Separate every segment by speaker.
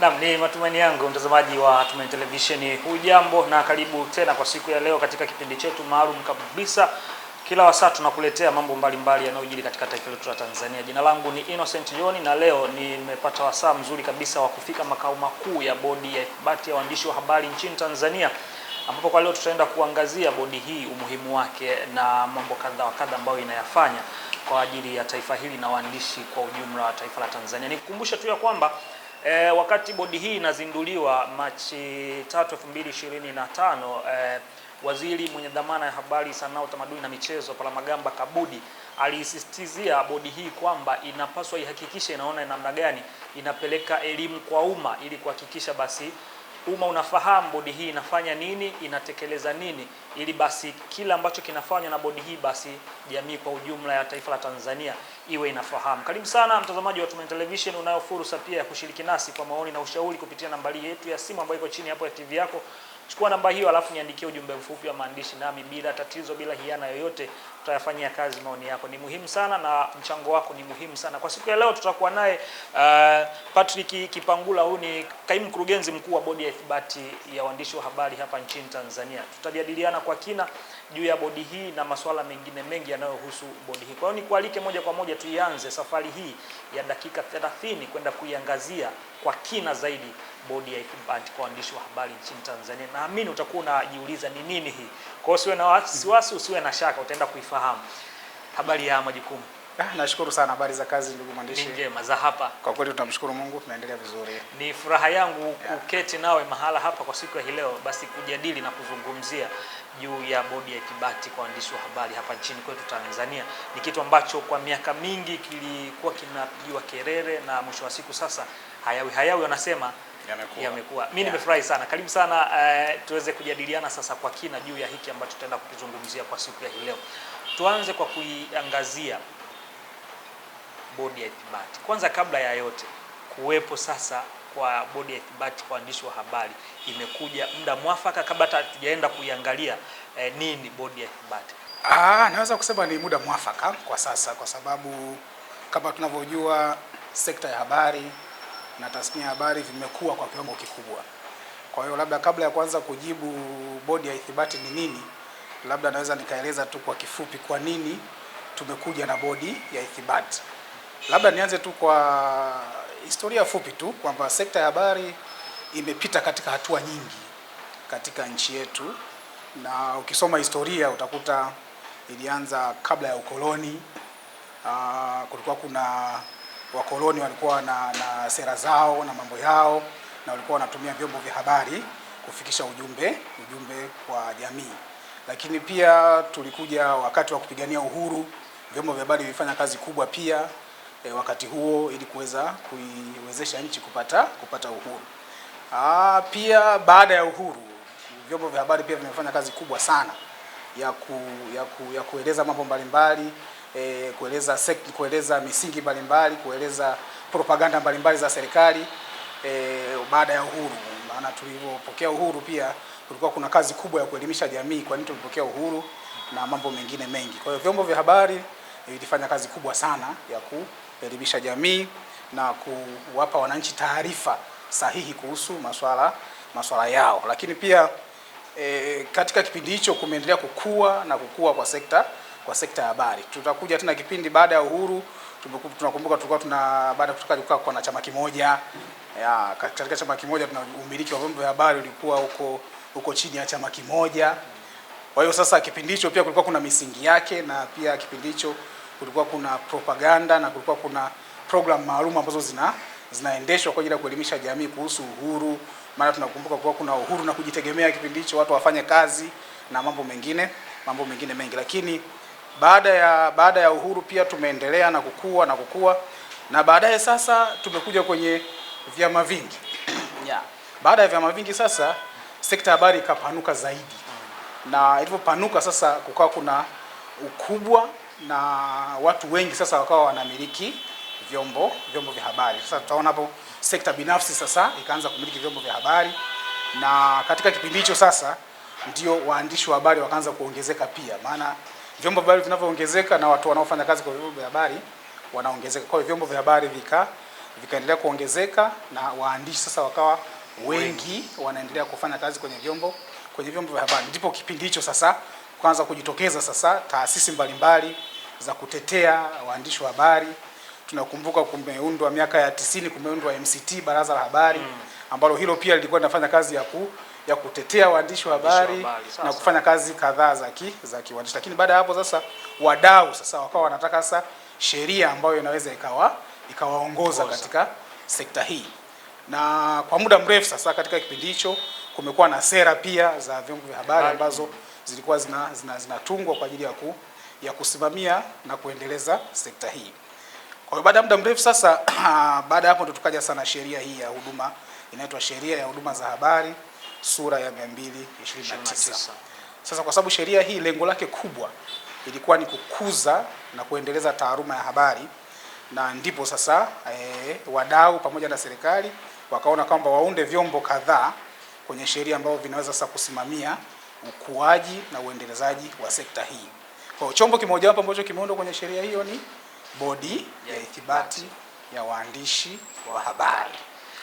Speaker 1: Naam, ni matumaini yangu mtazamaji wa Tumaini Television, hujambo na karibu tena kwa siku ya leo katika kipindi chetu maalum kabisa. Kila wasaa tunakuletea mambo mbalimbali yanayojiri katika taifa letu la Tanzania. Jina langu ni Innocent John na leo nimepata wasaa mzuri kabisa wa kufika makao makuu ya bodi ya ithibati ya waandishi wa habari nchini Tanzania ambapo kwa leo tutaenda kuangazia bodi hii, umuhimu wake na mambo kadha wa kadha ambayo inayafanya kwa ajili ya taifa hili na waandishi kwa ujumla wa taifa la Tanzania. Nikukumbusha tu ya kwamba E, wakati bodi hii inazinduliwa Machi 3, 2025 e, waziri mwenye dhamana ya habari, sanaa, utamaduni na michezo Palamagamba Kabudi alisisitizia bodi hii kwamba inapaswa ihakikishe inaona namna gani inapeleka elimu kwa umma ili kuhakikisha basi umma unafahamu bodi hii inafanya nini, inatekeleza nini, ili basi kila ambacho kinafanywa na bodi hii, basi jamii kwa ujumla ya taifa la Tanzania iwe inafahamu. Karibu sana mtazamaji wa Tumaini Television, unayo fursa pia ya kushiriki nasi kwa maoni na ushauri kupitia nambari yetu ya simu ambayo iko chini hapo ya TV yako Chukua namba hiyo, alafu niandikie ujumbe mfupi wa maandishi, nami bila tatizo, bila hiana yoyote, tutayafanyia kazi maoni yako. Ni muhimu sana na mchango wako ni muhimu sana. Kwa siku ya leo tutakuwa naye uh, Patrick Kipangula. Huyu ni kaimu mkurugenzi mkuu wa bodi ya ithibati ya waandishi wa habari hapa nchini Tanzania. Tutajadiliana kwa kina juu ya bodi hii na masuala mengine mengi yanayohusu bodi hii. Kwa hiyo nikualike moja kwa moja tuianze safari hii ya dakika 30 kwenda kuiangazia kwa kina zaidi bodi ya kwa waandishi wa habari nchini Tanzania. Naamini utakuwa unajiuliza ni nini hii. Kwa hiyo usiwe na wasiwasi, usiwe na shaka, utaenda kuifahamu. Habari ya majukumu.
Speaker 2: Ah, nashukuru sana. Habari za kazi ndugu mwandishi?
Speaker 1: Njema za hapa.
Speaker 2: Kwa kweli tunamshukuru Mungu, tunaendelea vizuri.
Speaker 1: Ni furaha yangu kuketi yeah, nawe mahala hapa kwa siku ya leo, basi kujadili na kuzungumzia juu ya bodi ya ithibati kwa waandishi wa habari hapa nchini kwetu Tanzania. Ni kitu ambacho kwa miaka mingi kilikuwa kinapigiwa kelele na mwisho wa siku sasa hayawi hayawi wanasema yamekuwa Mimi nimefurahi sana. Karibu sana uh, tuweze kujadiliana sasa kwa kina juu ya hiki ambacho tutaenda kukizungumzia kwa siku ya hii leo. Tuanze kwa kuiangazia bodi ya ithibati kwanza, kabla ya yote kuwepo sasa kwa bodi ya ithibati kwa waandishi wa habari imekuja muda mwafaka, kabla hata tujaenda kuiangalia eh, nini bodi ya ithibati.
Speaker 2: Ah, naweza kusema ni muda mwafaka kwa sasa, kwa sababu kama tunavyojua sekta ya habari na tasnia ya habari vimekuwa kwa kiwango kikubwa. Kwa hiyo labda kabla ya kuanza kujibu bodi ya ithibati ni nini, labda naweza nikaeleza tu kwa kifupi kwa nini tumekuja na bodi ya ithibati. Labda nianze tu kwa historia fupi tu kwamba sekta ya habari imepita katika hatua nyingi katika nchi yetu, na ukisoma historia utakuta ilianza kabla ya ukoloni. kulikuwa kuna wakoloni walikuwa na, na sera zao na mambo yao na walikuwa wanatumia vyombo vya habari kufikisha ujumbe ujumbe kwa jamii. Lakini pia tulikuja wakati wa kupigania uhuru, vyombo vya habari vilifanya kazi kubwa pia e, wakati huo ili kuweza kuiwezesha nchi kupata kupata uhuru. Aa, ah, pia baada ya uhuru vyombo vya habari pia vimefanya kazi kubwa sana ya, ku, ya, ku, ya kueleza mambo mbalimbali e, kueleza sect, kueleza misingi mbalimbali, kueleza propaganda mbalimbali za serikali e, baada ya uhuru. Maana tulivyopokea uhuru pia kulikuwa kuna kazi kubwa ya kuelimisha jamii kwa nini tulipokea uhuru na mambo mengine mengi. Kwa hiyo vyombo vya habari vilifanya kazi kubwa sana ya kuelimisha jamii na kuwapa wananchi taarifa sahihi kuhusu masuala masuala yao, lakini pia e, katika kipindi hicho kumeendelea kukua na kukua kwa sekta kwa sekta ya habari. Tutakuja tena kipindi baada ya uhuru, tunakumbuka tulikuwa tuna baada kutoka kukaa kwa na chama kimoja ya, katika chama kimoja tuna umiliki wa vyombo vya habari ulikuwa huko huko chini ya chama kimoja. Kwa hiyo sasa kipindi hicho pia kulikuwa kuna misingi yake, na pia kipindi hicho kulikuwa kuna propaganda na kulikuwa kuna program maalum ambazo zina zinaendeshwa kwa ajili ya kuelimisha jamii kuhusu uhuru. Maana tunakumbuka kulikuwa kuna uhuru na kujitegemea kipindi hicho, watu wafanye kazi na mambo mengine mambo mengine mengi, lakini baada ya baada ya uhuru pia tumeendelea na kukua na kukua na baadaye sasa tumekuja kwenye vyama vingi yeah. Baada ya vyama vingi sasa sekta ya habari ikapanuka zaidi mm. Na ilivyopanuka sasa kukawa kuna ukubwa na watu wengi sasa wakawa wanamiliki vyombo vyombo vya habari. Sasa tutaona hapo sekta binafsi sasa ikaanza kumiliki vyombo vya habari, na katika kipindi hicho sasa ndio waandishi wa habari wakaanza kuongezeka pia maana vyombo vya habari vinavyoongezeka na watu wanaofanya kazi kwa vyombo vya habari wanaongezeka. Kwa hiyo vyombo vya habari vika vikaendelea kuongezeka na waandishi sasa wakawa wengi wanaendelea kufanya kazi kwenye vyombo kwenye vyombo vya habari. Ndipo kipindi hicho sasa kwanza kujitokeza sasa taasisi mbalimbali za kutetea waandishi wa habari. Tunakumbuka kumeundwa miaka ya tisini, kumeundwa MCT, baraza la habari hmm. ambalo hilo pia lilikuwa linafanya kazi ya ku ya kutetea waandishi wa habari na kufanya kazi kadhaa za ki, za kiwandishi. Lakini baada ya hapo sasa wadau sasa wakawa wanataka sasa sheria ambayo inaweza ikawa ikawaongoza katika sekta hii, na kwa muda mrefu sasa katika kipindi hicho kumekuwa na sera pia za vyombo vya habari ambazo zilikuwa zinatungwa zina, zina kwa ajili ya, ku, ya kusimamia na kuendeleza sekta hii. Kwa hiyo baada ya muda mrefu sasa baada ya hapo ndo tukaja sana sheria hii ya huduma inaitwa sheria ya huduma za habari sura ya 229. Sasa kwa sababu sheria hii lengo lake kubwa ilikuwa ni kukuza na kuendeleza taaluma ya habari, na ndipo sasa e, wadau pamoja na serikali wakaona kwamba waunde vyombo kadhaa kwenye sheria ambavyo vinaweza sasa kusimamia ukuaji na uendelezaji wa sekta hii. Kwa hiyo chombo kimojawapo ambacho kimeundwa kwenye sheria hiyo ni bodi ya ithibati ya waandishi wa habari.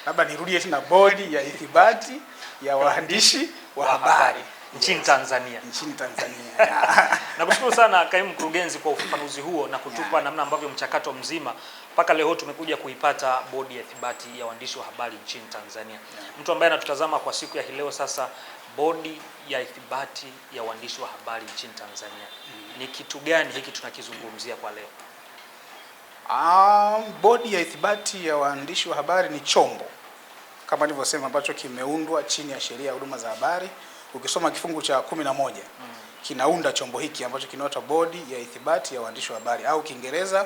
Speaker 2: Labda nirudie tena, bodi ya ithibati ya waandishi wa habari
Speaker 1: nchini Tanzania.
Speaker 2: Nchini Tanzania.
Speaker 1: Nakushukuru sana kaimu mkurugenzi kwa ufafanuzi huo na kutupa namna ambavyo mchakato mzima mpaka leo tumekuja kuipata bodi ya ithibati ya waandishi wa habari nchini Tanzania. Mtu ambaye anatutazama kwa siku ya leo sasa, bodi ya ithibati ya waandishi wa habari nchini Tanzania mm. ni kitu gani hiki tunakizungumzia kwa leo?
Speaker 2: Um, bodi ya ithibati ya waandishi wa habari ni chombo kama nilivyosema, ambacho kimeundwa chini ya sheria ya huduma za habari. Ukisoma kifungu cha kumi na moja mm. kinaunda chombo hiki ambacho kinaitwa bodi ya ithibati ya waandishi wa habari au Kiingereza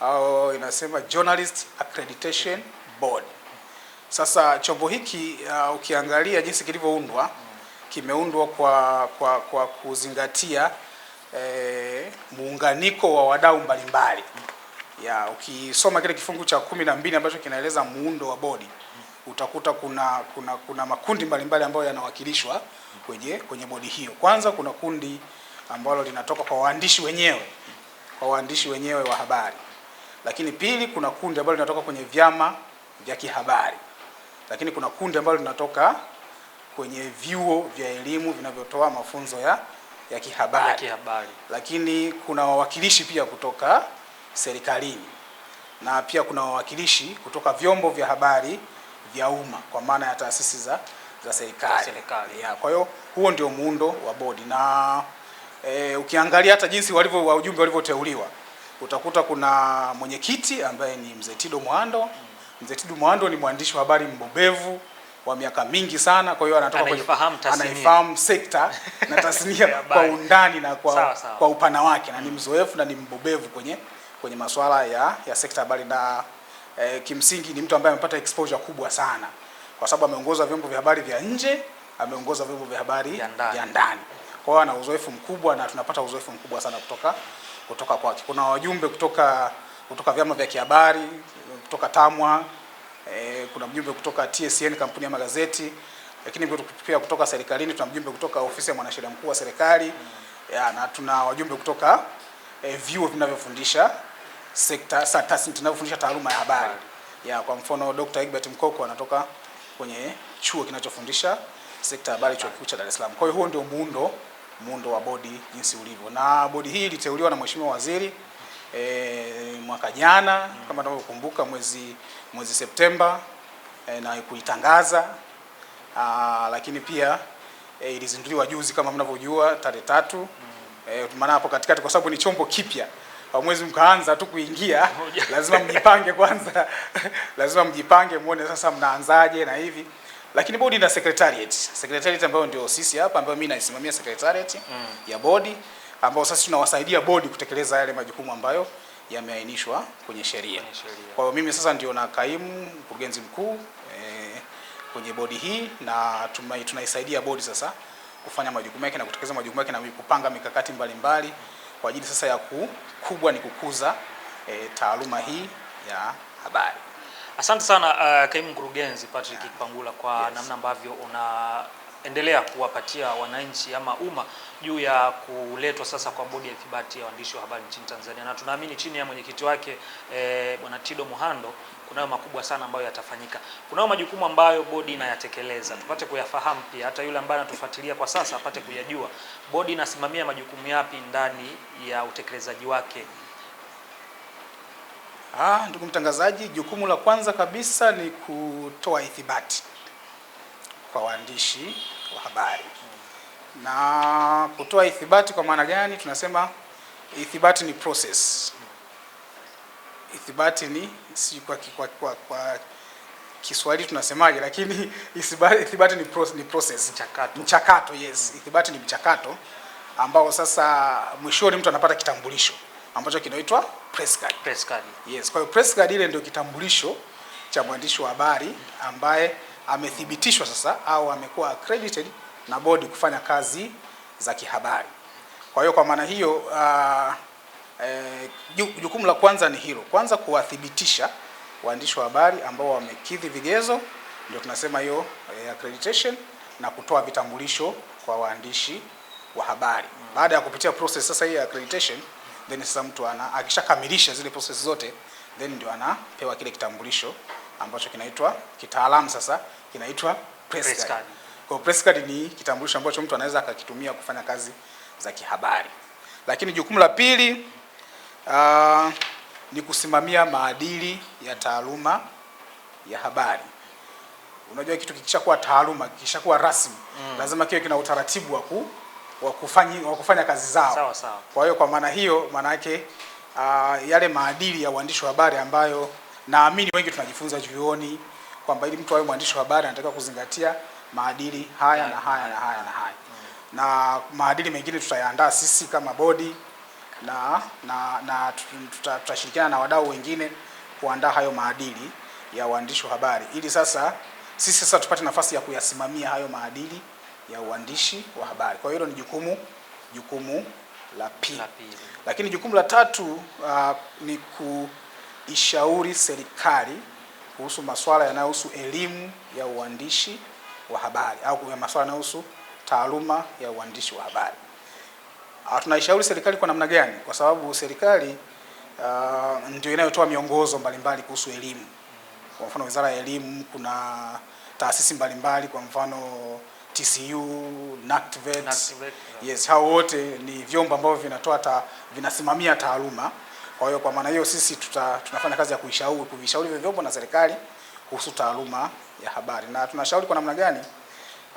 Speaker 2: au inasema Journalist Accreditation Board. Sasa chombo hiki uh, ukiangalia jinsi kilivyoundwa kimeundwa kwa, kwa, kwa kuzingatia eh, muunganiko wa wadau mbalimbali ya ukisoma kile kifungu cha kumi na mbili ambacho kinaeleza muundo wa bodi utakuta kuna kuna, kuna makundi mbalimbali ambayo yanawakilishwa kwenye kwenye bodi hiyo. Kwanza kuna kundi ambalo linatoka kwa waandishi wenyewe kwa waandishi wenyewe wa habari, lakini pili kuna kundi ambalo linatoka kwenye vyama vya kihabari, lakini kuna kundi ambalo linatoka kwenye vyuo vya elimu vinavyotoa mafunzo ya ya kihabari. Ya kihabari. Lakini kuna wawakilishi pia kutoka serikalini na pia kuna wawakilishi kutoka vyombo vya habari vya umma kwa maana ya taasisi za za serikali. Kwa hiyo huo ndio muundo wa bodi na e, ukiangalia hata jinsi walivyo wajumbe walivyoteuliwa utakuta kuna mwenyekiti ambaye ni Mzee Tido Mwando. Mm. Mzee Tido Mwando ni mwandishi wa habari mbobevu wa miaka mingi sana, kwa hiyo
Speaker 1: anatoka anaifahamu
Speaker 2: anaifahamu sekta na tasnia kwa undani na kwa, sawa, sawa, kwa upana wake na ni mzoefu na ni mbobevu kwenye kwenye masuala ya, ya sekta habari na eh, kimsingi ni mtu ambaye amepata exposure kubwa sana, kwa sababu ameongoza vyombo vya habari vya nje, ameongoza vyombo vya habari vya ndani. Kwa hiyo ana uzoefu mkubwa na tunapata uzoefu mkubwa sana kutoka kutoka kwake. Kuna wajumbe kutoka kutoka vyama vya kihabari kutoka TAMWA eh, kuna mjumbe kutoka TSN kampuni ya magazeti, lakini pia kutoka serikalini tuna mjumbe kutoka ofisi ya mwanasheria mkuu wa serikali mm. na tuna wajumbe kutoka eh, vyuo vinavyofundisha sekta sasa taasisi taaluma ya habari. Ya kwa mfano Dr. Egbert Mkoko anatoka kwenye chuo kinachofundisha sekta ya habari chuo kikuu cha Dar es Salaam. Kwa hiyo huo ndio muundo muundo wa bodi jinsi ulivyo. Na bodi hii iliteuliwa na Mheshimiwa Waziri e, mwaka jana kama tunavyokumbuka mwezi mwezi Septemba e, na kuitangaza a, lakini pia e, ilizinduliwa juzi kama mnavyojua tarehe tatu mm. e, maana hapo katikati kwa sababu ni chombo kipya mwezi mkaanza tu kuingia, lazima mjipange kwanza lazima mjipange muone sasa mnaanzaje na hivi. Lakini bodi na secretariat, secretariat ambayo ndio sisi hapa, ambayo mimi naisimamia secretariat mm. ya bodi ambao sasa tunawasaidia bodi kutekeleza yale majukumu ambayo yameainishwa kwenye sheria. Kwa hiyo mimi sasa ndio na kaimu mkurugenzi mkuu e, kwenye bodi hii na tumai, tunaisaidia bodi sasa kufanya majukumu yake na kutekeleza majukumu yake na kupanga mikakati mbalimbali mbali, kwa ajili sasa ya ku kubwa ni kukuza e, taaluma hii ya habari.
Speaker 1: Asante sana uh, kaimu mkurugenzi Patrick yeah. Kipangula kwa yes. namna ambavyo unaendelea kuwapatia wananchi ama umma juu ya kuletwa sasa kwa bodi ya ithibati ya waandishi wa habari nchini Tanzania, na tunaamini chini ya mwenyekiti wake e, bwana Tido Muhando kunayo makubwa sana ambayo yatafanyika, kunayo majukumu ambayo bodi inayatekeleza, tupate kuyafahamu pia, hata yule ambaye anatufuatilia kwa sasa apate kuyajua bodi inasimamia majukumu yapi ndani ya utekelezaji wake.
Speaker 2: Ah, ndugu mtangazaji, jukumu la kwanza kabisa ni kutoa ithibati kwa waandishi wa habari. Na kutoa ithibati kwa maana gani? Tunasema ithibati ni process, ithibati ni si kwa, kwa, kwa, kwa Kiswahili tunasemaje, lakini ithibati ni process, ni process. Mchakato. Mchakato, yes. Mm. Ithibati ni mchakato ambao sasa mwishoni mtu anapata kitambulisho ambacho kinaitwa press card. Press card. Yes, kwa hiyo press card ile ndio kitambulisho cha mwandishi wa habari ambaye amethibitishwa sasa au amekuwa accredited na bodi kufanya kazi za kihabari. Kwa hiyo kwa maana hiyo uh, eh, jukumu la kwanza ni hilo, kwanza kuwathibitisha waandishi wa habari ambao wamekidhi vigezo, ndio tunasema hiyo eh, accreditation na kutoa vitambulisho kwa waandishi wa habari. Baada ya kupitia process sasa hii ya accreditation, then sasa mtu ana akishakamilisha zile process zote, then ndio anapewa kile kitambulisho ambacho kinaitwa kitaalamu, sasa kinaitwa press card. Card. Kwa press card ni kitambulisho ambacho mtu anaweza akakitumia kufanya kazi za kihabari, lakini jukumu la pili uh, ni kusimamia maadili ya taaluma ya habari. Unajua kitu kikishakuwa taaluma, kikishakuwa rasmi mm. lazima kiwe kina utaratibu wa ku wa kufanya, kufanya kazi zao sawa, sawa. Kwa hiyo kwa maana hiyo maana yake uh, yale maadili ya uandishi wa habari ambayo naamini wengi tunajifunza vyuoni kwamba ili mtu awe mwandishi wa habari anatakiwa kuzingatia maadili haya yeah. na haya na haya na haya mm. na maadili mengine tutayaandaa sisi kama bodi na na, na tutashirikiana na wadau wengine kuandaa hayo maadili ya uandishi wa habari ili sasa sisi sasa tupate nafasi ya kuyasimamia hayo maadili ya uandishi wa habari. Kwa hiyo hilo ni jukumu jukumu la pili, lakini jukumu la tatu uh, ni kuishauri serikali kuhusu masuala yanayohusu elimu ya uandishi wa habari au masuala yanayohusu taaluma ya uandishi wa habari. Ah, tunaishauri serikali kwa namna gani? Kwa sababu serikali uh, ndio inayotoa miongozo mbalimbali kuhusu elimu. Kwa mfano Wizara ya Elimu kuna taasisi mbalimbali, kwa mfano TCU, NACTVET, e e yes, hao wote ni vyombo ambavyo vinatoa ta, vinasimamia taaluma. Kwa hiyo kwa maana hiyo sisi tuta, tunafanya kazi ya kuishauri kuvishauri hivyo vyombo na serikali kuhusu taaluma ya habari. Na tunashauri kwa namna gani?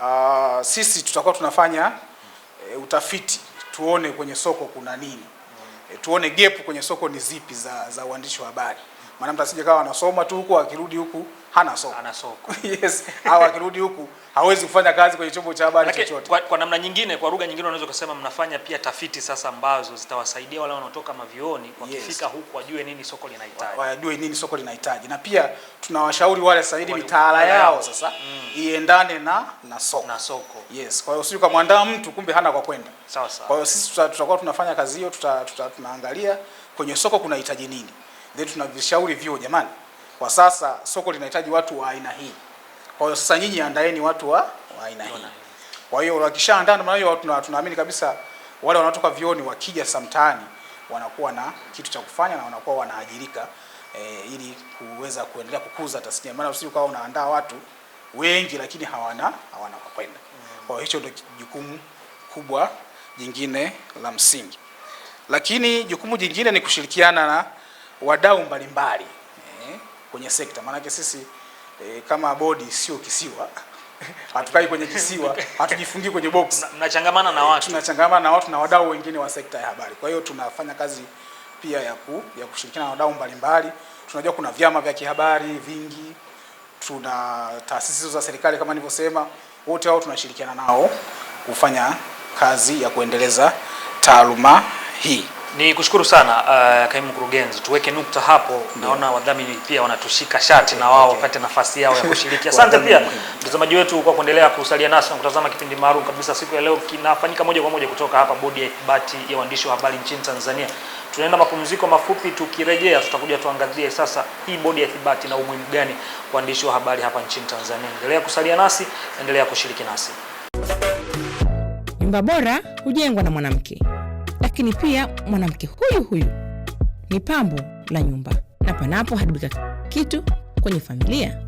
Speaker 2: Uh, sisi tutakuwa tunafanya e, utafiti tuone kwenye soko kuna nini mm. E, tuone gap kwenye soko ni zipi za za uandishi wa habari maana mtu asije kawa anasoma tu huku akirudi huku hana soko,
Speaker 1: hana soko.
Speaker 2: yes au akirudi huku hawezi kufanya kazi kwenye chombo cha habari chochote. Kwa, kwa namna nyingine, kwa lugha nyingine, unaweza kusema mnafanya pia tafiti sasa ambazo zitawasaidia wale wanaotoka mavioni wakifika, yes, huku wajue nini soko linahitaji, wajue nini soko linahitaji, na pia tunawashauri wale hivi mitaala yao sasa mm, iendane na na soko, na soko. Yes, kwa hiyo sio kumwandaa mtu kumbe hana kwa kwenda. Sawa sawa. Kwa hiyo sisi tutakuwa tunafanya kazi hiyo, tunaangalia kwenye soko kunahitaji nini, then tunavishauri vyuo, jamani, kwa sasa soko linahitaji watu wa aina hii kwa hiyo sasa nyinyi andaeni watu wa aina hii. Kwa hiyo wakishaandaa, ndio maana watu tunaamini kabisa wale wanaotoka vioni wakija samtani wanakuwa na kitu cha kufanya na wanakuwa wanaajirika e, ili kuweza kuendelea kukuza tasnia, maana usiku kwa unaandaa watu wengi lakini hawana hawana kwa kwenda. Kwa hiyo hicho ndio jukumu kubwa jingine la msingi, lakini jukumu jingine ni kushirikiana na wadau mbalimbali e, kwenye sekta, maanake sisi e, kama bodi sio kisiwa hatukai kwenye kisiwa, hatujifungii kwenye box.
Speaker 1: Mnachangamana na watu,
Speaker 2: tunachangamana na watu na wadau wengine wa sekta ya habari. Kwa hiyo tunafanya kazi pia ya ku, ya kushirikiana na wadau mbalimbali. Tunajua kuna vyama vya kihabari vingi, tuna taasisi za serikali kama nilivyosema, wote hao tunashirikiana nao kufanya kazi ya kuendeleza taaluma hii.
Speaker 1: Ni kushukuru sana uh, kaimu mkurugenzi, tuweke nukta hapo yeah. Naona wadhamini pia wanatushika shati na wao wapate nafasi yao ya kushiriki. Asante pia mtazamaji wetu kwa kuendelea kusalia nasi na kutazama kipindi maalum kabisa siku ya leo, kinafanyika moja kwa moja kutoka hapa Bodi ya Ithibati ya Waandishi wa Habari nchini Tanzania. Tunaenda mapumziko mafupi, tukirejea tutakuja tuangazie sasa hii Bodi ya Ithibati na umuhimu gani waandishi wa habari hapa nchini Tanzania. Endelea kusalia nasi, endelea kushiriki nasi. Nyumba bora hujengwa na mwanamke lakini pia mwanamke huyu huyu ni pambo la nyumba, na panapo haribika kitu kwenye familia,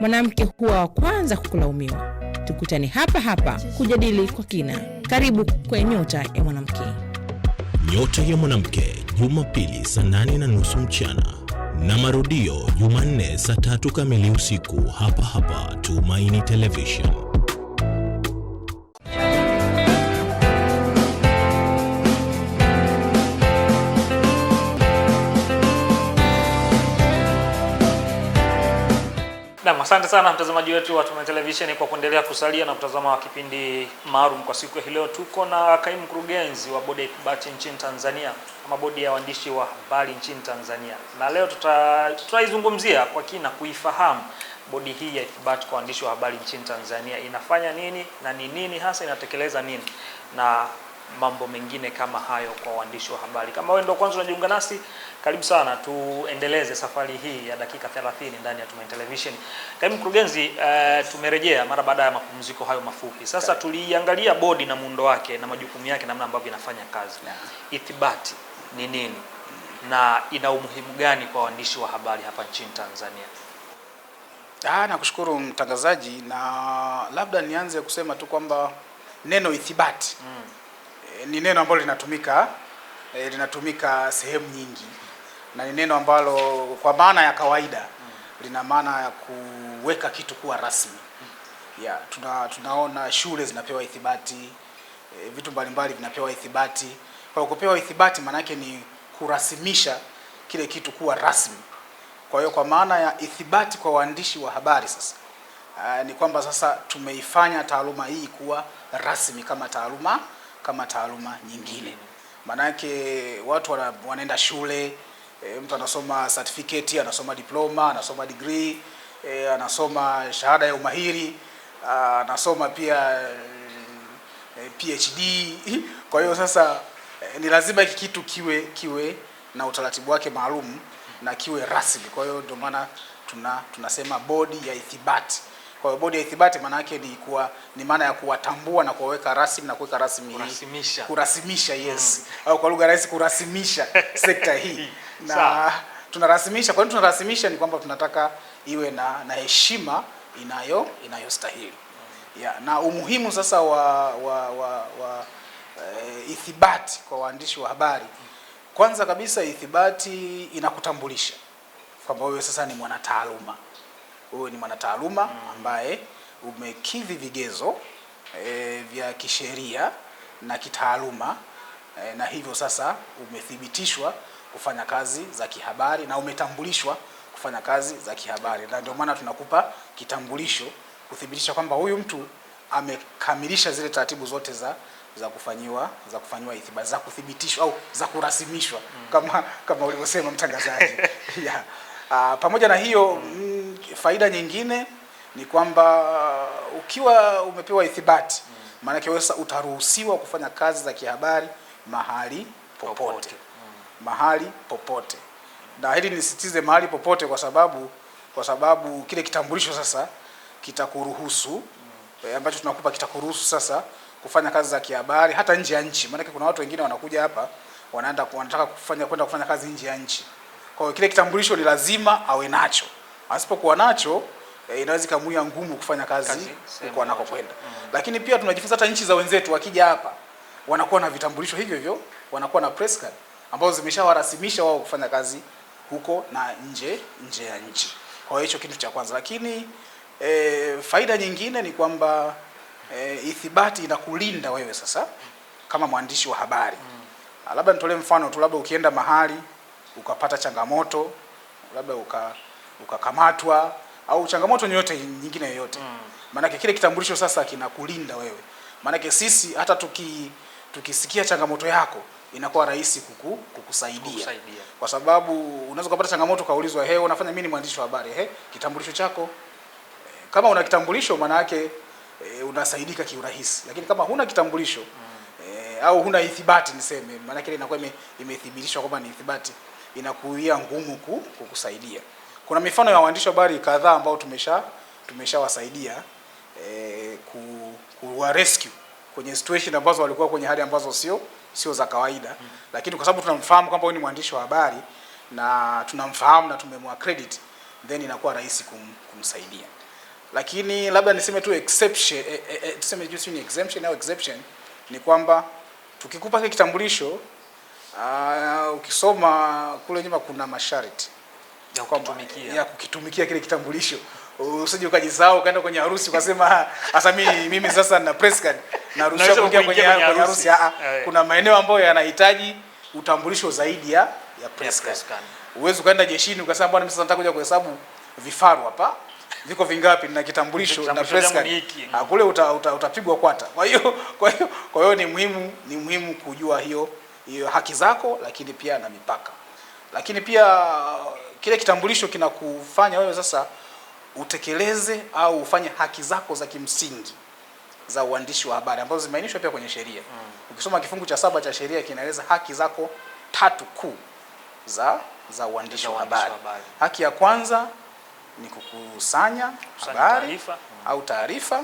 Speaker 1: mwanamke huwa wa kwanza kukulaumiwa. Tukutane hapa hapa kujadili kwa kina. Karibu kwenye Nyota ya Mwanamke. Nyota ya Mwanamke, Jumapili saa 8 na nusu mchana na marudio Jumanne saa tatu kamili usiku, hapa hapa Tumaini Television. Asante sana mtazamaji wetu wa Tumaini Television kwa kuendelea kusalia na kutazama kipindi maalum kwa siku ya leo. Tuko na kaimu mkurugenzi wa bodi ya ithibati nchini Tanzania ama bodi ya waandishi wa habari nchini Tanzania, na leo tutaizungumzia tuta kwa kina kuifahamu bodi hii ya ithibati kwa waandishi wa habari nchini Tanzania inafanya nini na ni nini hasa inatekeleza nini na mambo mengine kama hayo kwa waandishi wa habari. Kama wewe ndio kwanza unajiunga nasi, karibu sana, tuendeleze safari hii ya dakika 30 ndani ya Tumaini Television. Kaimu mkurugenzi, uh, tumerejea mara baada ya mapumziko hayo mafupi. Sasa tuliangalia bodi na muundo wake na majukumu yake, namna ambavyo inafanya kazi. Ithibati ni nini na ina umuhimu gani kwa waandishi wa habari hapa nchini Tanzania? Ah, nakushukuru mtangazaji, na labda nianze kusema tu kwamba neno ithibati mm. Eh, ni neno ambalo linatumika e, linatumika sehemu nyingi na ni neno ambalo kwa maana ya kawaida lina maana ya kuweka kitu kuwa rasmi. ya, tuna, tunaona shule zinapewa ithibati e, vitu mbalimbali vinapewa ithibati. Kwa kupewa ithibati maana yake ni kurasimisha kile kitu kuwa rasmi. Kwa hiyo kwa maana ya ithibati kwa waandishi wa habari sasa ni kwamba sasa tumeifanya taaluma hii kuwa rasmi kama taaluma kama taaluma nyingine. Maanake watu wana, wanaenda shule e, mtu anasoma certificate, anasoma diploma, anasoma degree e, anasoma shahada ya umahiri a, ah, anasoma pia e, eh, PhD. Kwa hiyo sasa e, ni lazima hiki kitu kiwe kiwe na utaratibu wake maalum na kiwe rasmi. Kwa hiyo ndio maana tuna tunasema bodi ya ithibati kwa hiyo bodi ya ithibati maana yake ni kuwa ni maana ya kuwatambua na kuwaweka rasmi na kuweka rasmi kurasimisha, kurasimisha yes mm. au kwa lugha rahisi kurasimisha sekta hii na tunarasimisha. Kwa nini tunarasimisha? Ni kwamba tunataka iwe na na heshima inayo inayostahili mm. yeah. na umuhimu sasa wa wa wa, wa e, ithibati kwa waandishi wa habari mm. kwanza kabisa ithibati inakutambulisha kwamba wewe sasa ni mwanataaluma wewe ni mwanataaluma ambaye umekidhi vigezo e, vya kisheria na kitaaluma e, na hivyo sasa umethibitishwa kufanya kazi za kihabari na umetambulishwa kufanya kazi za kihabari, na ndio maana tunakupa kitambulisho kuthibitisha kwamba huyu mtu amekamilisha zile taratibu zote za za kufanyiwa za kufanyiwa ithiba za kuthibitishwa au za kurasimishwa mm. kama kama ulivyosema mtangazaji yeah. Uh, pamoja na hiyo mm faida nyingine ni kwamba uh, ukiwa umepewa ithibati mm. maanake wewe utaruhusiwa kufanya kazi za kihabari mahali popote, popote. Mm. mahali popote na hili nisitize mahali popote, kwa sababu kwa sababu kile kitambulisho sasa kitakuruhusu mm. Eh, ambacho tunakupa kitakuruhusu sasa kufanya kazi za kihabari hata nje ya nchi, maanake kuna watu wengine wanakuja hapa wanaenda wanataka kufanya kwenda kufanya kazi nje ya nchi. Kwa hiyo kile kitambulisho ni lazima awe nacho asipokuwa nacho e, inaweza ikamuia ngumu kufanya kazi huko anakokwenda mm -hmm. Lakini pia tunajifunza hata nchi za wenzetu wakija hapa wanakuwa na vitambulisho hivyo hivyo, wanakuwa na press card ambazo zimeshawarasimisha wao kufanya kazi huko na nje nje ya nchi. Kwa hicho kitu cha kwanza, lakini e, faida nyingine ni kwamba e, ithibati inakulinda wewe sasa kama mwandishi wa habari mm. Ah, labda nitolee mfano tu, labda ukienda mahali ukapata changamoto, labda uka ukakamatwa au changamoto yoyote nyingine yoyote mm. kile kitambulisho sasa kinakulinda wewe, maanake sisi hata tuki tukisikia changamoto yako inakuwa rahisi kuku, kukusaidia. Kukusaidia kwa sababu unaweza kupata changamoto ukaulizwa, he, unafanya mimi ni mwandishi wa habari, he, kitambulisho chako. Eh, kama una kitambulisho maana yake e, eh, unasaidika kiurahisi, lakini kama huna kitambulisho mm. e, au huna ithibati niseme, maana yake inakuwa imethibitishwa kwamba ni ithibati, inakuia ngumu kukusaidia. Kuna mifano ya waandishi wa habari kadhaa ambao tumesha tumeshawasaidia eh, ku, rescue kwenye situation ambazo walikuwa kwenye hali ambazo sio sio za kawaida hmm. Lakini kwa sababu tunamfahamu kwamba huyu ni mwandishi wa habari na tunamfahamu na tumemwa credit then inakuwa rahisi kum, kumsaidia. Lakini labda niseme tu exception eh, eh, eh tuseme just ni exemption au exception ni kwamba tukikupa kitambulisho uh, ukisoma kule nyuma kuna masharti ya kukitumikia, ya kukitumikia kile kitambulisho. Usije ukajisahau ukaenda kwenye harusi ukasema hasa ah, mimi mimi sasa na press card na ruhusa kuingia kwenye harusi. Ah, ah, eh. Kuna maeneo ambayo yanahitaji utambulisho zaidi ya ya press card. Uwezo ukaenda jeshini ukasema bwana, mimi sasa nataka kuja kuhesabu vifaru hapa viko vingapi na kitambulisho na press card ha, kule, utapigwa uta, uta kwata. Kwa hiyo kwa hiyo kwa hiyo ni muhimu ni muhimu kujua hiyo hiyo haki zako, lakini pia na mipaka, lakini pia kile kitambulisho kinakufanya wewe sasa utekeleze au ufanye haki zako za kimsingi za uandishi wa habari ambazo zimeainishwa pia kwenye sheria mm. Ukisoma kifungu cha saba cha sheria kinaeleza haki zako tatu kuu za za uandishi wa habari. Haki ya kwanza ni kukusanya habari mm. au taarifa.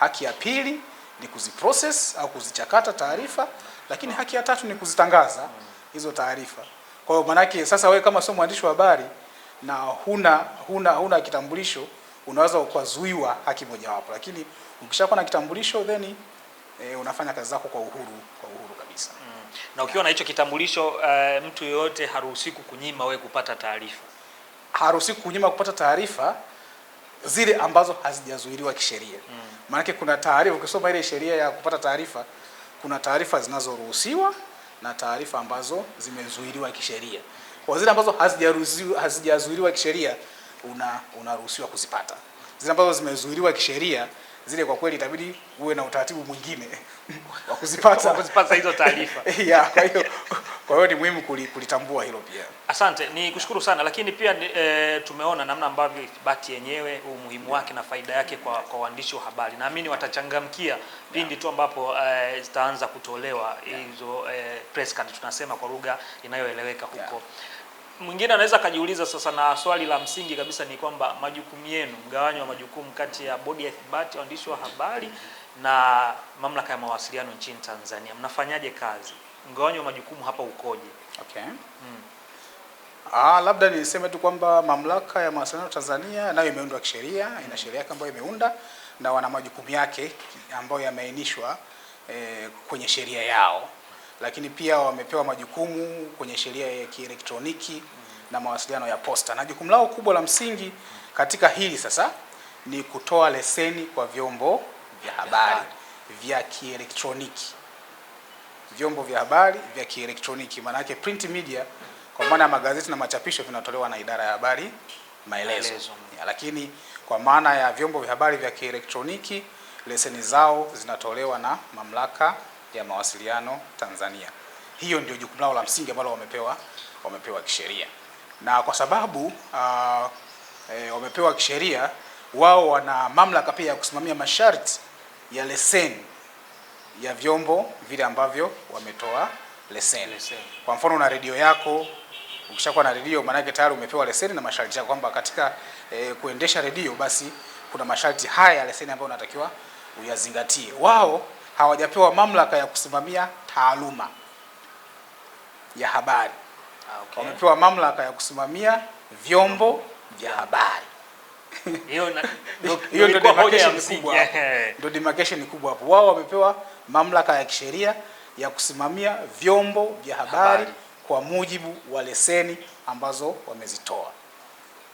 Speaker 1: Haki ya pili ni kuziprocess au kuzichakata taarifa, mm. lakini haki ya tatu ni kuzitangaza mm. hizo taarifa. Kwa hiyo manake sasa wewe kama sio mwandishi wa habari na huna huna huna kitambulisho unaweza ukazuiwa haki mojawapo, lakini ukishakuwa na kitambulisho then e, unafanya kazi zako kwa uhuru kwa uhuru kabisa mm. Na ukiwa na hicho kitambulisho uh, mtu yeyote haruhusi kukunyima wewe kupata taarifa, haruhusi kukunyima kupata taarifa zile ambazo hazijazuiliwa kisheria mm. Maanake kuna taarifa, ukisoma ile sheria ya kupata taarifa, kuna taarifa zinazoruhusiwa na taarifa ambazo zimezuiliwa kisheria. Kwa zile ambazo hazijazuiliwa kisheria, una unaruhusiwa kuzipata. Zile ambazo zimezuiliwa kisheria zile kwa kweli itabidi uwe na utaratibu mwingine wa kuzipata kuzipata hizo taarifa yeah, kwa hiyo kwa hiyo ni muhimu kulitambua hilo pia. Asante, ni kushukuru sana lakini pia e, tumeona namna ambavyo ithibati yenyewe umuhimu wake na faida yake kwa kwa waandishi wa habari, naamini watachangamkia pindi tu ambapo e, zitaanza kutolewa hizo e, press card tunasema kwa lugha inayoeleweka huko yeah mwingine anaweza akajiuliza sasa, na swali la msingi kabisa ni kwamba majukumu yenu, mgawanyo wa majukumu kati ya bodi ya ithibati waandishi wa habari na mamlaka ya mawasiliano nchini Tanzania, mnafanyaje kazi? Mgawanyo wa majukumu hapa ukoje? Okay. Mm. Ah, labda niseme tu kwamba mamlaka ya mawasiliano Tanzania nayo imeundwa kisheria, ina sheria yake ambayo imeunda na wana majukumu yake ambayo yameainishwa eh, kwenye sheria yao lakini pia wamepewa majukumu kwenye sheria ya kielektroniki na mawasiliano ya posta, na jukumu lao kubwa la msingi katika hili sasa ni kutoa leseni kwa vyombo vya habari vya kielektroniki, vyombo vya habari vya kielektroniki, maana yake print media kwa maana ya magazeti na machapisho vinatolewa na idara ya habari maelezo, maelezo. Ya, lakini kwa maana ya vyombo vya habari vya kielektroniki leseni zao zinatolewa na mamlaka ya mawasiliano Tanzania. Hiyo ndio jukumu lao la msingi ambalo wamepewa wamepewa kisheria, na kwa sababu uh, e, wamepewa kisheria, wao wana mamlaka pia ya kusimamia masharti ya leseni ya vyombo vile ambavyo wametoa leseni. Kwa mfano, una redio yako, ukishakuwa na redio maanake tayari umepewa leseni na masharti yako kwamba katika e, kuendesha redio basi kuna masharti haya ya leseni ambayo unatakiwa uyazingatie. Wao hawajapewa mamlaka ya kusimamia taaluma ya habari. Ah, okay. Wamepewa mamlaka ya kusimamia vyombo vya habari. Hiyo ndio demarcation kubwa hapo. Wao wamepewa mamlaka ya kisheria ya kusimamia vyombo vya habari kwa mujibu wa leseni ambazo wamezitoa.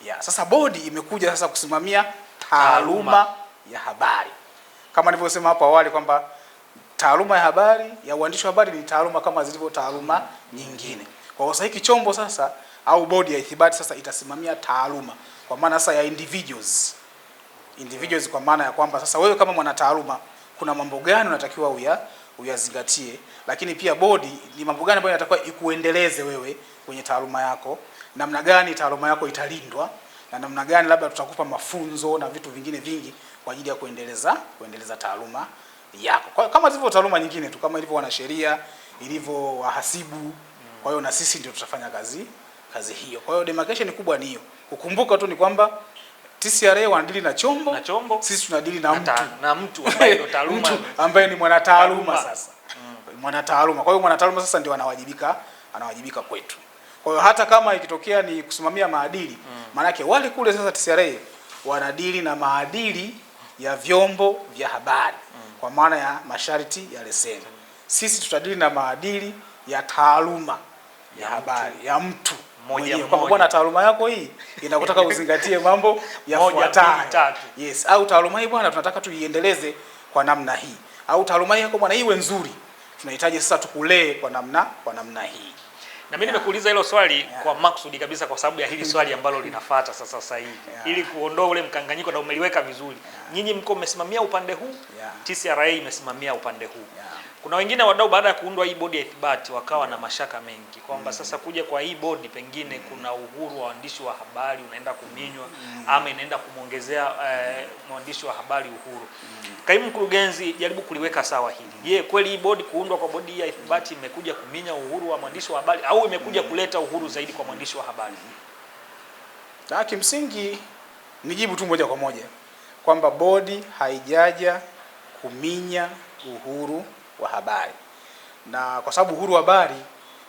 Speaker 1: Ya, sasa bodi imekuja sasa kusimamia taaluma ya habari kama nilivyosema hapo awali kwamba taaluma ya habari ya uandishi wa habari ni taaluma kama zilivyo taaluma nyingine. Kwa sasa hiki chombo sasa au bodi ya ithibati sasa itasimamia taaluma kwa maana sasa ya individuals. Individuals kwa maana ya kwamba sasa wewe kama mwanataaluma kuna mambo gani unatakiwa uya uyazingatie, lakini pia bodi ni mambo gani ambayo inatakiwa ikuendeleze wewe kwenye taaluma yako, namna gani taaluma yako italindwa na namna gani labda tutakupa mafunzo na vitu vingine vingi kwa ajili ya kuendeleza kuendeleza taaluma yako. Kwa kama zilivyo taaluma nyingine tu kama ilivyo wanasheria, ilivyo wahasibu. Kwa hiyo na sisi ndio tutafanya kazi kazi hiyo. Kwa hiyo demarcation kubwa ni hiyo. Kukumbuka tu ni kwamba TCRA wanadili na chombo, na chombo. Sisi tunadili na, na mtu na mtu ambaye ndio taaluma ambaye ni mwanataaluma sasa. Mm. Mwanataaluma. Kwa hiyo mwanataaluma sasa ndio anawajibika anawajibika kwetu. Kwa hiyo hata kama ikitokea ni kusimamia maadili, mm. maanake wale kule sasa TCRA wanadili na maadili ya vyombo vya habari kwa maana ya masharti ya leseni. Sisi tutadili na maadili ya taaluma ya, habari ya mtu mwenyewe kwamba taaluma yako hii inakutaka uzingatie mambo yafuatayo. Yes, au taaluma hii bwana, tunataka tuiendeleze kwa namna hii, au taaluma hii yako bwana, iwe nzuri, tunahitaji sasa tukulee kwa namna kwa namna hii. Na mimi nimekuuliza hilo swali kwa maksudi kabisa, kwa sababu ya hili swali ambalo linafuata sasa sasa hivi, ili kuondoa ule mkanganyiko, na umeliweka vizuri. Nyinyi mko mmesimamia upande huu, TCRA imesimamia upande huu. Kuna wengine wadau baada ya kuundwa hii bodi ya ithibati wakawa na mashaka mengi kwamba mm. sasa kuja kwa hii bodi pengine kuna uhuru wa waandishi wa habari unaenda kuminywa mm. ama inaenda kumwongezea eh, mwandishi wa habari uhuru mm. Kaimu mkurugenzi, jaribu kuliweka sawa hili. Je, kweli hii bodi kuundwa kwa bodi ya ithibati imekuja kuminya uhuru wa mwandishi wa habari au imekuja mm. kuleta uhuru zaidi kwa mwandishi wa habari? Na kimsingi nijibu tu moja kwa moja kwamba bodi haijaja kuminya uhuru wa habari, na kwa sababu uhuru wa habari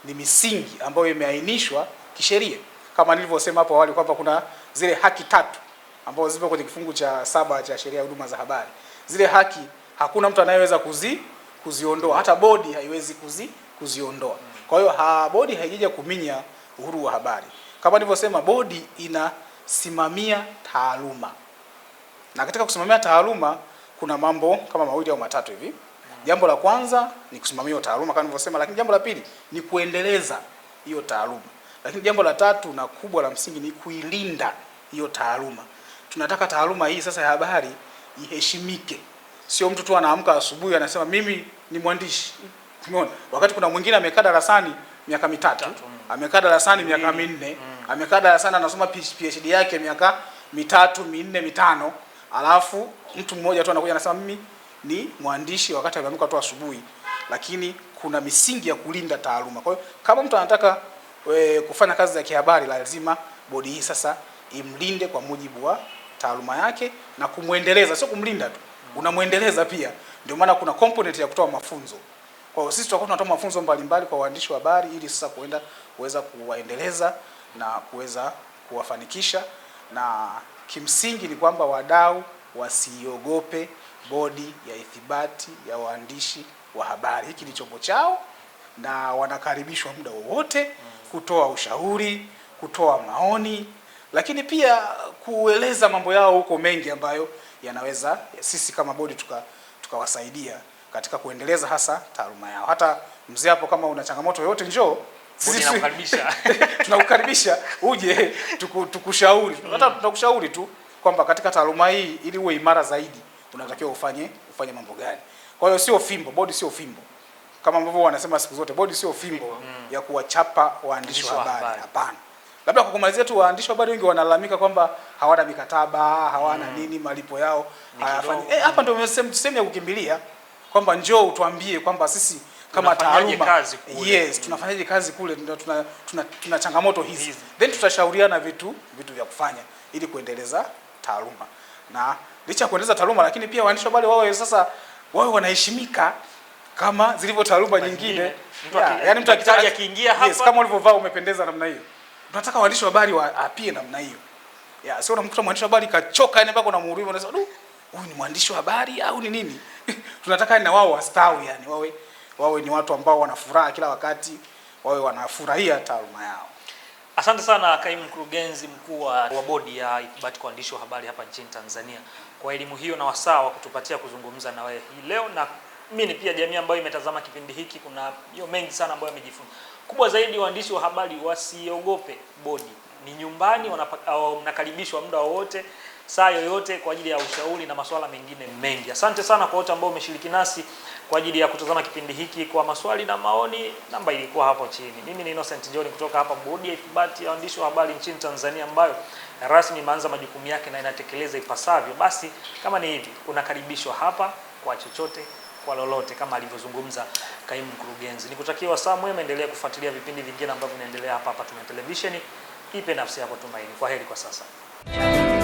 Speaker 1: ni misingi ambayo imeainishwa kisheria kama nilivyosema hapo awali kwamba kuna zile haki tatu ambazo zipo kwenye kifungu cha saba cha sheria ya huduma za habari. Zile haki hakuna mtu anayeweza kuzi kuziondoa, hata bodi haiwezi kuzi kuziondoa. Kwa hiyo ha, bodi haijaja kuminya uhuru wa habari. Kama nilivyosema, bodi inasimamia taaluma, na katika kusimamia taaluma kuna mambo kama mawili au matatu hivi. Jambo la kwanza ni kusimamia hiyo taaluma kama nilivyosema, lakini jambo la pili ni kuendeleza hiyo taaluma, lakini jambo la tatu na kubwa la msingi ni kuilinda hiyo taaluma. Tunataka taaluma hii sasa ya habari iheshimike, sio mtu tu anaamka asubuhi anasema mimi ni mwandishi. Umeona, wakati kuna mwingine amekaa darasani miaka mitatu, amekaa darasani miaka minne, mm. amekaa darasani anasoma PhD yake miaka mitatu minne mitano, alafu mtu mmoja tu anakuja anasema mimi ni mwandishi wakati ameamka tu asubuhi, lakini kuna misingi ya kulinda taaluma. Kwa hiyo kama mtu anataka we, kufanya kazi za kihabari, lazima bodi hii sasa imlinde kwa mujibu wa taaluma yake na kumwendeleza, sio kumlinda tu, unamwendeleza pia. Ndio maana kuna component ya kutoa mafunzo. Kwa hiyo sisi tutakuwa tunatoa mafunzo mbalimbali kwa waandishi wa habari ili sasa kuenda kuweza kuwaendeleza na kuweza kuwafanikisha, na kimsingi ni kwamba wadau wasiogope bodi ya ithibati ya waandishi wa habari. Hiki ni chombo chao na wanakaribishwa muda wowote kutoa ushauri, kutoa maoni, lakini pia kueleza mambo yao huko mengi ambayo yanaweza sisi kama bodi tukawasaidia tuka katika kuendeleza hasa taaluma yao. Hata mzee hapo, kama una changamoto yoyote njoo tunakukaribisha uje tukushauri, hata mm. tunakushauri tu kwamba katika taaluma hii ili uwe imara zaidi unatakiwa ufanye ufanye mambo gani. Kwa hiyo sio fimbo, bodi sio fimbo kama ambavyo wanasema siku zote, bodi sio fimbo mm. ya kuwachapa waandishi wa habari, hapana. Labda kwa kumalizia tu, waandishi wa habari wengi wanalalamika kwamba hawana mikataba, hawana mm. nini, malipo yao hayafanyi. Eh, hapa ndio sehemu ya kukimbilia kwamba njoo utuambie kwamba sisi kama taaluma kazi kule. Yes, mm. tunafanyaje kazi kule, tuna, tuna, tuna, tuna changamoto hizi. hizi then tutashauriana vitu vitu vya kufanya ili kuendeleza taaluma na licha ya kuendeleza taaluma, lakini pia waandishi habari wawe sasa wawe wanaheshimika kama zilivyo taaluma nyingine. Yaani mtu akitaja akiingia hapa, yes, kama ulivyovaa umependeza namna hiyo, tunataka waandishi habari waapie namna hiyo ya sio, unamkuta mwandishi wa habari kachoka, yani mpaka unamhurumia, unasema du, huyu ni mwandishi wa habari au ni nini? tunataka na wao wastawi, yani wawe wawe ni watu ambao wana furaha kila wakati, wawe wanafurahia taaluma yao. Asante sana kaimu mkurugenzi mkuu wa bodi ya ithibati kwa waandishi wa habari hapa nchini Tanzania kwa elimu hiyo na wasaa wa kutupatia kuzungumza na wewe hii leo, na mimi pia jamii ambayo imetazama kipindi hiki, kuna hiyo mengi sana ambayo amejifunza. Kubwa zaidi, waandishi wa habari wasiogope bodi, ni nyumbani, mnakaribishwa muda wowote, saa yoyote, kwa ajili ya ushauri na masuala mengine mengi. Asante sana kwa wote ambao umeshiriki nasi kwa ajili ya kutazama kipindi hiki kwa maswali na maoni, namba ilikuwa hapo chini. Mimi ni Innocent John kutoka hapa Bodi ya Ithibati ya Waandishi wa Habari nchini Tanzania, ambayo rasmi imeanza majukumu yake na inatekeleza ipasavyo. Basi kama ni hivi, unakaribishwa hapa kwa chochote, kwa lolote, kama alivyozungumza kaimu mkurugenzi. Nikutakia wasaa mwema, endelea kufuatilia vipindi vingine ambavyo vinaendelea hapa hapa Tumaini Ipe nafsi yako tumaini. Kwa heri kwa sasa.